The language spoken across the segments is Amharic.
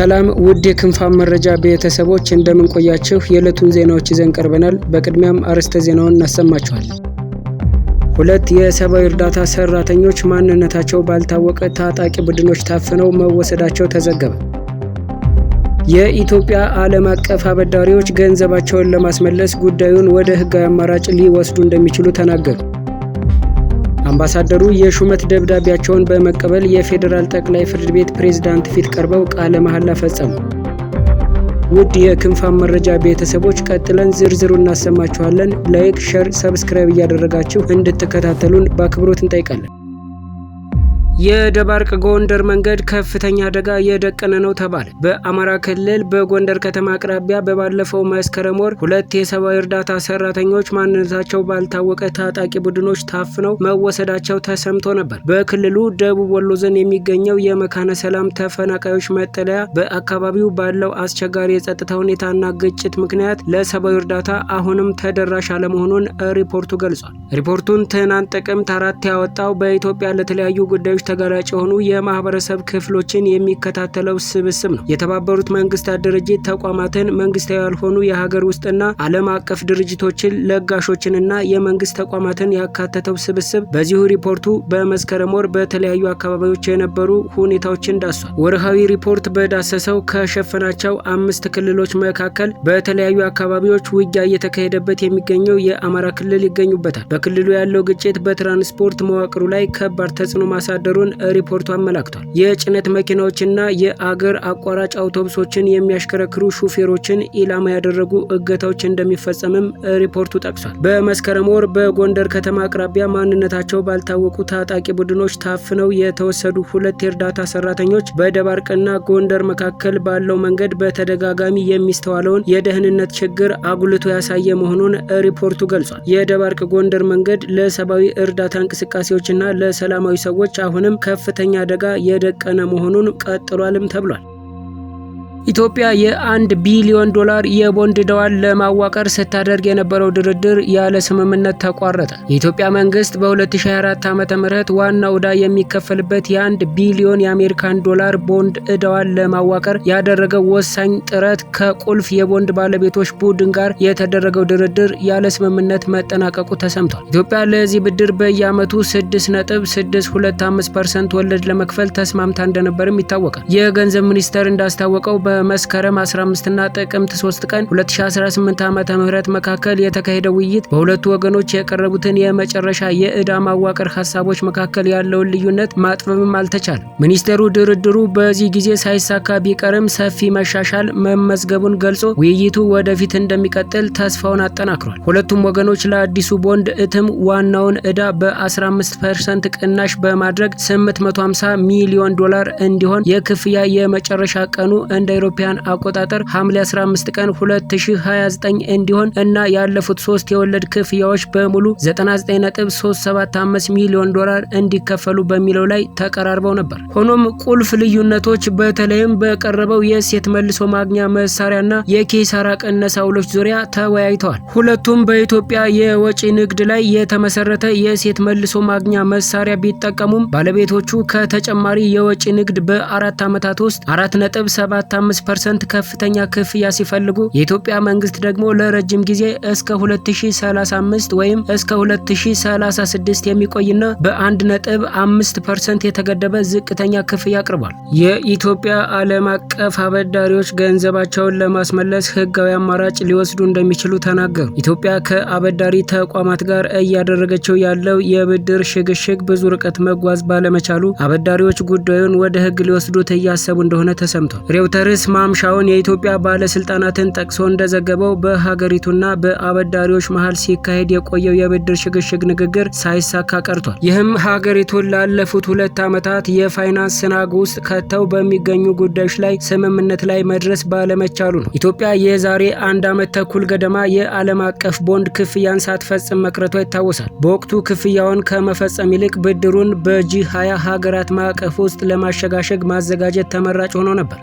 ሰላም ውድ የክንፋም መረጃ ቤተሰቦች እንደምንቆያችሁ፣ የዕለቱን ዜናዎች ይዘን ቀርበናል። በቅድሚያም አርዕስተ ዜናውን እናሰማችኋል። ሁለት የሰብአዊ እርዳታ ሰራተኞች ማንነታቸው ባልታወቀ ታጣቂ ቡድኖች ታፍነው መወሰዳቸው ተዘገበ። የኢትዮጵያ ዓለም አቀፍ አበዳሪዎች ገንዘባቸውን ለማስመለስ ጉዳዩን ወደ ሕጋዊ አማራጭ ሊወስዱ እንደሚችሉ ተናገሩ። አምባሳደሩ የሹመት ደብዳቤያቸውን በመቀበል የፌዴራል ጠቅላይ ፍርድ ቤት ፕሬዝዳንት ፊት ቀርበው ቃለ መሐላ ፈጸሙ። ውድ የክንፋም መረጃ ቤተሰቦች ቀጥለን ዝርዝሩ እናሰማችኋለን። ላይክ፣ ሸር፣ ሰብስክራይብ እያደረጋችሁ እንድትከታተሉን በአክብሮት እንጠይቃለን። የደባርቅ ጎንደር መንገድ ከፍተኛ አደጋ የደቀነ ነው ተባለ። በአማራ ክልል በጎንደር ከተማ አቅራቢያ በባለፈው መስከረም ወር ሁለት የሰብአዊ እርዳታ ሰራተኞች ማንነታቸው ባልታወቀ ታጣቂ ቡድኖች ታፍነው መወሰዳቸው ተሰምቶ ነበር። በክልሉ ደቡብ ወሎ ዞን የሚገኘው የመካነ ሰላም ተፈናቃዮች መጠለያ በአካባቢው ባለው አስቸጋሪ የጸጥታ ሁኔታና ግጭት ምክንያት ለሰብአዊ እርዳታ አሁንም ተደራሽ አለመሆኑን ሪፖርቱ ገልጿል። ሪፖርቱን ትናንት ጥቅምት አራት ያወጣው በኢትዮጵያ ለተለያዩ ጉዳዮች ተጋላጭ የሆኑ የማህበረሰብ ክፍሎችን የሚከታተለው ስብስብ ነው። የተባበሩት መንግስታት ድርጅት ተቋማትን፣ መንግስታዊ ያልሆኑ የሀገር ውስጥና ዓለም አቀፍ ድርጅቶችን፣ ለጋሾችንና የመንግስት ተቋማትን ያካተተው ስብስብ በዚሁ ሪፖርቱ በመስከረም ወር በተለያዩ አካባቢዎች የነበሩ ሁኔታዎችን ዳሷል። ወርሃዊ ሪፖርት በዳሰሰው ከሸፈናቸው አምስት ክልሎች መካከል በተለያዩ አካባቢዎች ውጊያ እየተካሄደበት የሚገኘው የአማራ ክልል ይገኙበታል። በክልሉ ያለው ግጭት በትራንስፖርት መዋቅሩ ላይ ከባድ ተጽዕኖ ማሳደሩ መሆኑን ሪፖርቱ አመላክቷል። የጭነት መኪናዎችና የአገር አቋራጭ አውቶቡሶችን የሚያሽከረክሩ ሹፌሮችን ኢላማ ያደረጉ እገታዎች እንደሚፈጸምም ሪፖርቱ ጠቅሷል። በመስከረም ወር በጎንደር ከተማ አቅራቢያ ማንነታቸው ባልታወቁ ታጣቂ ቡድኖች ታፍነው የተወሰዱ ሁለት የእርዳታ ሰራተኞች በደባርቅና ጎንደር መካከል ባለው መንገድ በተደጋጋሚ የሚስተዋለውን የደህንነት ችግር አጉልቶ ያሳየ መሆኑን ሪፖርቱ ገልጿል። የደባርቅ ጎንደር መንገድ ለሰብአዊ እርዳታ እንቅስቃሴዎችና ለሰላማዊ ሰዎች አሁንም ላይም ከፍተኛ አደጋ የደቀነ መሆኑን ቀጥሏልም ተብሏል። ኢትዮጵያ የአንድ ቢሊዮን ዶላር የቦንድ ዕዳዋን ለማዋቀር ስታደርግ የነበረው ድርድር ያለ ስምምነት ተቋረጠ። የኢትዮጵያ መንግስት በ2024 ዓ ም ዋናው ዕዳ የሚከፈልበት የአንድ ቢሊዮን የአሜሪካን ዶላር ቦንድ ዕዳዋን ለማዋቀር ያደረገው ወሳኝ ጥረት ከቁልፍ የቦንድ ባለቤቶች ቡድን ጋር የተደረገው ድርድር ያለ ስምምነት መጠናቀቁ ተሰምቷል። ኢትዮጵያ ለዚህ ብድር በየዓመቱ 6.625 ፐርሰንት ወለድ ለመክፈል ተስማምታ እንደነበርም ይታወቃል። የገንዘብ ሚኒስቴር እንዳስታወቀው በመስከረም 15 እና ጥቅምት 3 ቀን 2018 ዓ.ም ምህረት መካከል የተካሄደው ውይይት በሁለቱ ወገኖች የቀረቡትን የመጨረሻ የዕዳ ማዋቀር ሀሳቦች መካከል ያለውን ልዩነት ማጥበብም አልተቻለም። ሚኒስቴሩ ድርድሩ በዚህ ጊዜ ሳይሳካ ቢቀርም ሰፊ መሻሻል መመዝገቡን ገልጾ ውይይቱ ወደፊት እንደሚቀጥል ተስፋውን አጠናክሯል። ሁለቱም ወገኖች ለአዲሱ ቦንድ እትም ዋናውን ዕዳ በ15 ፐርሰንት ቅናሽ በማድረግ 850 ሚሊዮን ዶላር እንዲሆን የክፍያ የመጨረሻ ቀኑ እንደ አውሮፓውያን አቆጣጠር ሐምሌ 15 ቀን 2029 እንዲሆን እና ያለፉት ሶስት የወለድ ክፍያዎች በሙሉ 99.375 ሚሊዮን ዶላር እንዲከፈሉ በሚለው ላይ ተቀራርበው ነበር። ሆኖም ቁልፍ ልዩነቶች በተለይም በቀረበው የእሴት መልሶ ማግኛ መሳሪያና የኪሳራ ቅነሳ ውሎች ዙሪያ ተወያይተዋል። ሁለቱም በኢትዮጵያ የወጪ ንግድ ላይ የተመሰረተ የእሴት መልሶ ማግኛ መሳሪያ ቢጠቀሙም ባለቤቶቹ ከተጨማሪ የወጪ ንግድ በአራት ዓመታት ውስጥ 4.75 15 ፐርሰንት ከፍተኛ ክፍያ ሲፈልጉ የኢትዮጵያ መንግስት ደግሞ ለረጅም ጊዜ እስከ 2035 ወይም እስከ 2036 የሚቆይና በ1 ነጥብ 5 ፐርሰንት የተገደበ ዝቅተኛ ክፍያ አቅርቧል። የኢትዮጵያ ዓለም አቀፍ አበዳሪዎች ገንዘባቸውን ለማስመለስ ህጋዊ አማራጭ ሊወስዱ እንደሚችሉ ተናገሩ። ኢትዮጵያ ከአበዳሪ ተቋማት ጋር እያደረገችው ያለው የብድር ሽግሽግ ብዙ ርቀት መጓዝ ባለመቻሉ አበዳሪዎች ጉዳዩን ወደ ህግ ሊወስዱት እያሰቡ እንደሆነ ተሰምቷል። ሬውተርስ መንግስት ማምሻውን የኢትዮጵያ ባለስልጣናትን ጠቅሶ እንደዘገበው በሀገሪቱና በአበዳሪዎች መሀል ሲካሄድ የቆየው የብድር ሽግሽግ ንግግር ሳይሳካ ቀርቷል። ይህም ሀገሪቱን ላለፉት ሁለት ዓመታት የፋይናንስ ስናግ ውስጥ ከተው በሚገኙ ጉዳዮች ላይ ስምምነት ላይ መድረስ ባለመቻሉ ነው። ኢትዮጵያ የዛሬ አንድ ዓመት ተኩል ገደማ የዓለም አቀፍ ቦንድ ክፍያን ሳትፈጽም መቅረቷ ይታወሳል። በወቅቱ ክፍያውን ከመፈጸም ይልቅ ብድሩን በጂ 20 ሀገራት ማዕቀፍ ውስጥ ለማሸጋሸግ ማዘጋጀት ተመራጭ ሆኖ ነበር።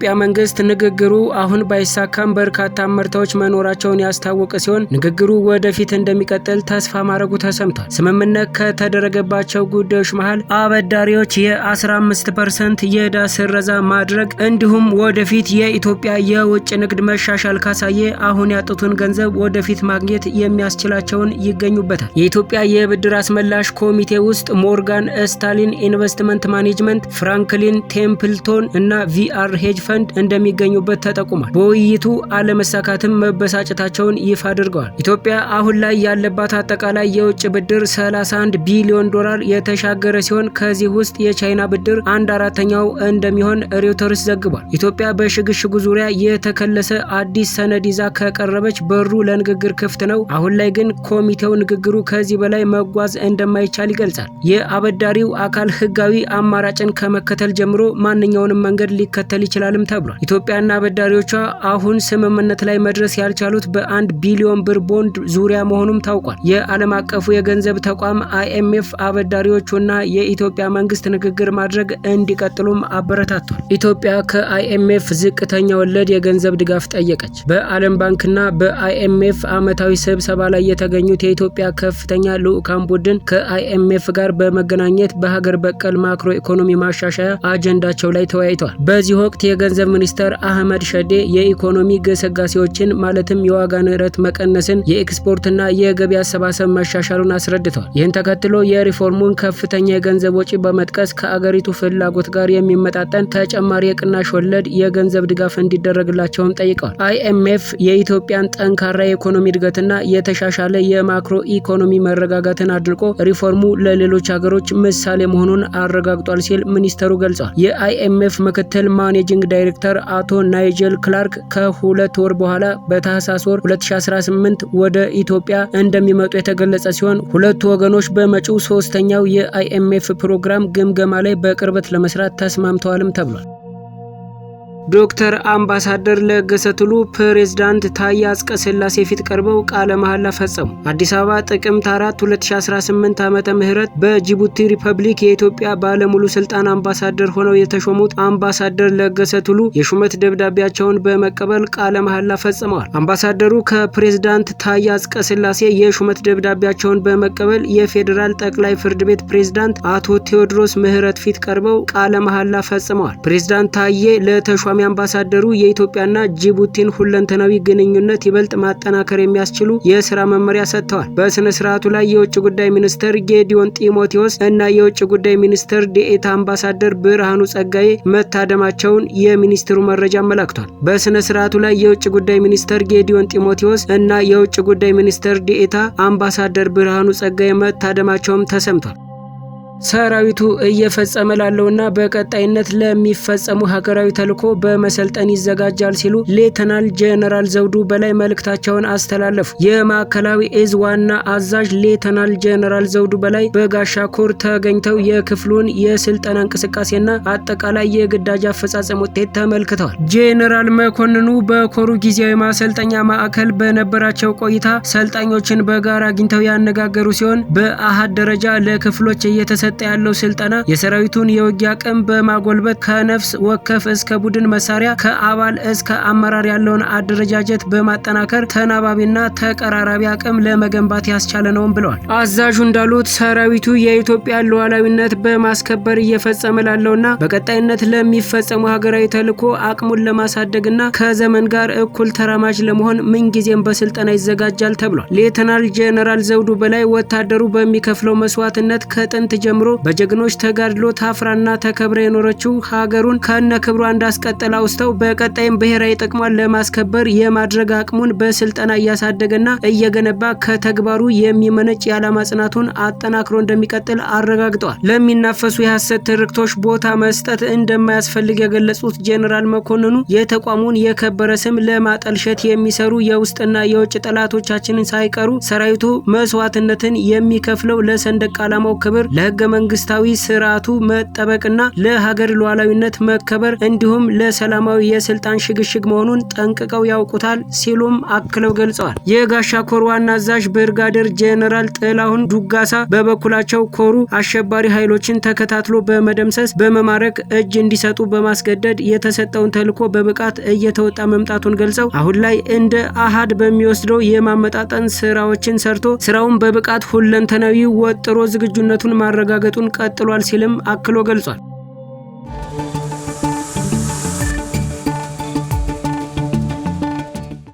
የኢትዮጵያ መንግስት ንግግሩ አሁን ባይሳካም በርካታ ምርታዎች መኖራቸውን ያስታወቀ ሲሆን ንግግሩ ወደፊት እንደሚቀጥል ተስፋ ማድረጉ ተሰምቷል። ስምምነት ከተደረገባቸው ጉዳዮች መሀል አበዳሪዎች የ15 ፐርሰንት የዕዳ ስረዛ ማድረግ እንዲሁም ወደፊት የኢትዮጵያ የውጭ ንግድ መሻሻል ካሳየ አሁን ያጡትን ገንዘብ ወደፊት ማግኘት የሚያስችላቸውን ይገኙበታል። የኢትዮጵያ የብድር አስመላሽ ኮሚቴ ውስጥ ሞርጋን ስታሊን ኢንቨስትመንት ማኔጅመንት፣ ፍራንክሊን ቴምፕልቶን እና ቪአር ሄጅ ፈንድ እንደሚገኙበት ተጠቁሟል። በውይይቱ አለመሳካትም መበሳጨታቸውን ይፋ አድርገዋል። ኢትዮጵያ አሁን ላይ ያለባት አጠቃላይ የውጭ ብድር 31 ቢሊዮን ዶላር የተሻገረ ሲሆን ከዚህ ውስጥ የቻይና ብድር አንድ አራተኛው እንደሚሆን ሬውተርስ ዘግቧል። ኢትዮጵያ በሽግሽጉ ዙሪያ የተከለሰ አዲስ ሰነድ ይዛ ከቀረበች በሩ ለንግግር ክፍት ነው። አሁን ላይ ግን ኮሚቴው ንግግሩ ከዚህ በላይ መጓዝ እንደማይቻል ይገልጻል። የአበዳሪው አካል ህጋዊ አማራጭን ከመከተል ጀምሮ ማንኛውንም መንገድ ሊከተል ይችላል ይሆናልም ተብሏል። ኢትዮጵያና አበዳሪዎቿ አሁን ስምምነት ላይ መድረስ ያልቻሉት በአንድ ቢሊዮን ብር ቦንድ ዙሪያ መሆኑም ታውቋል። የዓለም አቀፉ የገንዘብ ተቋም አይኤምኤፍ አበዳሪዎቹና የኢትዮጵያ መንግስት ንግግር ማድረግ እንዲቀጥሉም አበረታቷል። ኢትዮጵያ ከአይኤምኤፍ ዝቅተኛ ወለድ የገንዘብ ድጋፍ ጠየቀች። በዓለም ባንክና በአይኤምኤፍ ዓመታዊ ስብሰባ ላይ የተገኙት የኢትዮጵያ ከፍተኛ ልዑካን ቡድን ከአይኤምኤፍ ጋር በመገናኘት በሀገር በቀል ማክሮ ኢኮኖሚ ማሻሻያ አጀንዳቸው ላይ ተወያይተዋል። በዚህ ወቅት የገንዘብ ሚኒስተር አህመድ ሸዴ የኢኮኖሚ ግስጋሴዎችን ማለትም የዋጋ ንረት መቀነስን፣ የኤክስፖርትና የገቢ አሰባሰብ መሻሻሉን አስረድተዋል። ይህን ተከትሎ የሪፎርሙን ከፍተኛ የገንዘብ ወጪ በመጥቀስ ከአገሪቱ ፍላጎት ጋር የሚመጣጠን ተጨማሪ የቅናሽ ወለድ የገንዘብ ድጋፍ እንዲደረግላቸውም ጠይቀዋል። አይኤምኤፍ የኢትዮጵያን ጠንካራ የኢኮኖሚ እድገትና የተሻሻለ የማክሮ ኢኮኖሚ መረጋጋትን አድንቆ ሪፎርሙ ለሌሎች ሀገሮች ምሳሌ መሆኑን አረጋግጧል ሲል ሚኒስተሩ ገልጿል። የአይኤምኤፍ ምክትል ማኔጂንግ ዳይሬክተር አቶ ናይጀል ክላርክ ከሁለት ወር በኋላ በታህሳስ ወር 2018 ወደ ኢትዮጵያ እንደሚመጡ የተገለጸ ሲሆን ሁለቱ ወገኖች በመጪው ሶስተኛው የአይኤምኤፍ ፕሮግራም ግምገማ ላይ በቅርበት ለመስራት ተስማምተዋልም ተብሏል። ዶክተር አምባሳደር ለገሰ ቱሉ ፕሬዝዳንት ታዬ አጽቀሥላሴ ፊት ቀርበው ቃለ መሐላ ፈጸሙ። አዲስ አበባ ጥቅምት 4 2018 ዓመተ ምህረት በጅቡቲ ሪፐብሊክ የኢትዮጵያ ባለሙሉ ስልጣን አምባሳደር ሆነው የተሾሙት አምባሳደር ለገሰ ቱሉ የሹመት ደብዳቤያቸውን በመቀበል ቃለ መሐላ ፈጽመዋል። አምባሳደሩ ከፕሬዝዳንት ታዬ አጽቀሥላሴ የሹመት ደብዳቤያቸውን በመቀበል የፌዴራል ጠቅላይ ፍርድ ቤት ፕሬዝዳንት አቶ ቴዎድሮስ ምህረት ፊት ቀርበው ቃለ መሐላ ፈጽመዋል። ፕሬዝዳንት ታዬ ለተሿሚ ተሿሚ አምባሳደሩ የኢትዮጵያና ጅቡቲን ሁለንተናዊ ግንኙነት ይበልጥ ማጠናከር የሚያስችሉ የስራ መመሪያ ሰጥተዋል። በስነ ስርዓቱ ላይ የውጭ ጉዳይ ሚኒስትር ጌዲዮን ጢሞቴዎስ እና የውጭ ጉዳይ ሚኒስትር ዴኤታ አምባሳደር ብርሃኑ ጸጋዬ መታደማቸውን የሚኒስትሩ መረጃ አመላክቷል። በስነ ስርዓቱ ላይ የውጭ ጉዳይ ሚኒስትር ጌዲዮን ጢሞቴዎስ እና የውጭ ጉዳይ ሚኒስትር ዴኤታ አምባሳደር ብርሃኑ ጸጋዬ መታደማቸውም ተሰምቷል። ሰራዊቱ እየፈጸመ ላለውና በቀጣይነት ለሚፈጸሙ ሀገራዊ ተልዕኮ በመሰልጠን ይዘጋጃል ሲሉ ሌተናል ጄኔራል ዘውዱ በላይ መልእክታቸውን አስተላለፉ። የማዕከላዊ እዝ ዋና አዛዥ ሌተናል ጄኔራል ዘውዱ በላይ በጋሻ ኮር ተገኝተው የክፍሉን የስልጠና እንቅስቃሴና አጠቃላይ የግዳጅ አፈጻጸም ውጤት ተመልክተዋል። ጄኔራል መኮንኑ በኮሩ ጊዜያዊ ማሰልጠኛ ማዕከል በነበራቸው ቆይታ ሰልጣኞችን በጋራ አግኝተው ያነጋገሩ ሲሆን በአሃድ ደረጃ ለክፍሎች እየተሰ እየተሰጠ ያለው ስልጠና የሰራዊቱን የውጊያ አቅም በማጎልበት ከነፍስ ወከፍ እስከ ቡድን መሳሪያ ከአባል እስከ አመራር ያለውን አደረጃጀት በማጠናከር ተናባቢና ተቀራራቢ አቅም ለመገንባት ያስቻለ ነውም ብለዋል። አዛዡ እንዳሉት ሰራዊቱ የኢትዮጵያ ሉዓላዊነት በማስከበር እየፈጸመ ላለውና በቀጣይነት ለሚፈጸሙ ሀገራዊ ተልዕኮ አቅሙን ለማሳደግና ከዘመን ጋር እኩል ተራማጅ ለመሆን ምንጊዜም በስልጠና ይዘጋጃል ተብሏል። ሌተናል ጄኔራል ዘውዱ በላይ ወታደሩ በሚከፍለው መስዋዕትነት ከጥንት ጀምሮ ጀምሮ በጀግኖች ተጋድሎ ታፍራና ተከብራ የኖረችው ሀገሩን ከነ ክብሯ እንዳስቀጠል አውስተው በቀጣይም ብሔራዊ ጥቅሟን ለማስከበር የማድረግ አቅሙን በስልጠና እያሳደገና እየገነባ ከተግባሩ የሚመነጭ የዓላማ ጽናቱን አጠናክሮ እንደሚቀጥል አረጋግጠዋል። ለሚናፈሱ የሐሰት ትርክቶች ቦታ መስጠት እንደማያስፈልግ የገለጹት ጄኔራል መኮንኑ የተቋሙን የከበረ ስም ለማጠልሸት የሚሰሩ የውስጥና የውጭ ጠላቶቻችንን ሳይቀሩ ሰራዊቱ መስዋዕትነትን የሚከፍለው ለሰንደቅ ዓላማው ክብር ለህገ መንግስታዊ ስርዓቱ መጠበቅና ለሀገር ሉዓላዊነት መከበር እንዲሁም ለሰላማዊ የስልጣን ሽግሽግ መሆኑን ጠንቅቀው ያውቁታል ሲሉም አክለው ገልጸዋል። የጋሻ ኮር ዋና አዛዥ ብርጋደር ጄኔራል ጥላሁን ዱጋሳ በበኩላቸው ኮሩ አሸባሪ ኃይሎችን ተከታትሎ በመደምሰስ በመማረክ እጅ እንዲሰጡ በማስገደድ የተሰጠውን ተልዕኮ በብቃት እየተወጣ መምጣቱን ገልጸው አሁን ላይ እንደ አሃድ በሚወስደው የማመጣጠን ስራዎችን ሰርቶ ስራውን በብቃት ሁለንተናዊ ወጥሮ ዝግጁነቱን ማረጋገ ማረጋገጡን ቀጥሏል ሲልም አክሎ ገልጿል።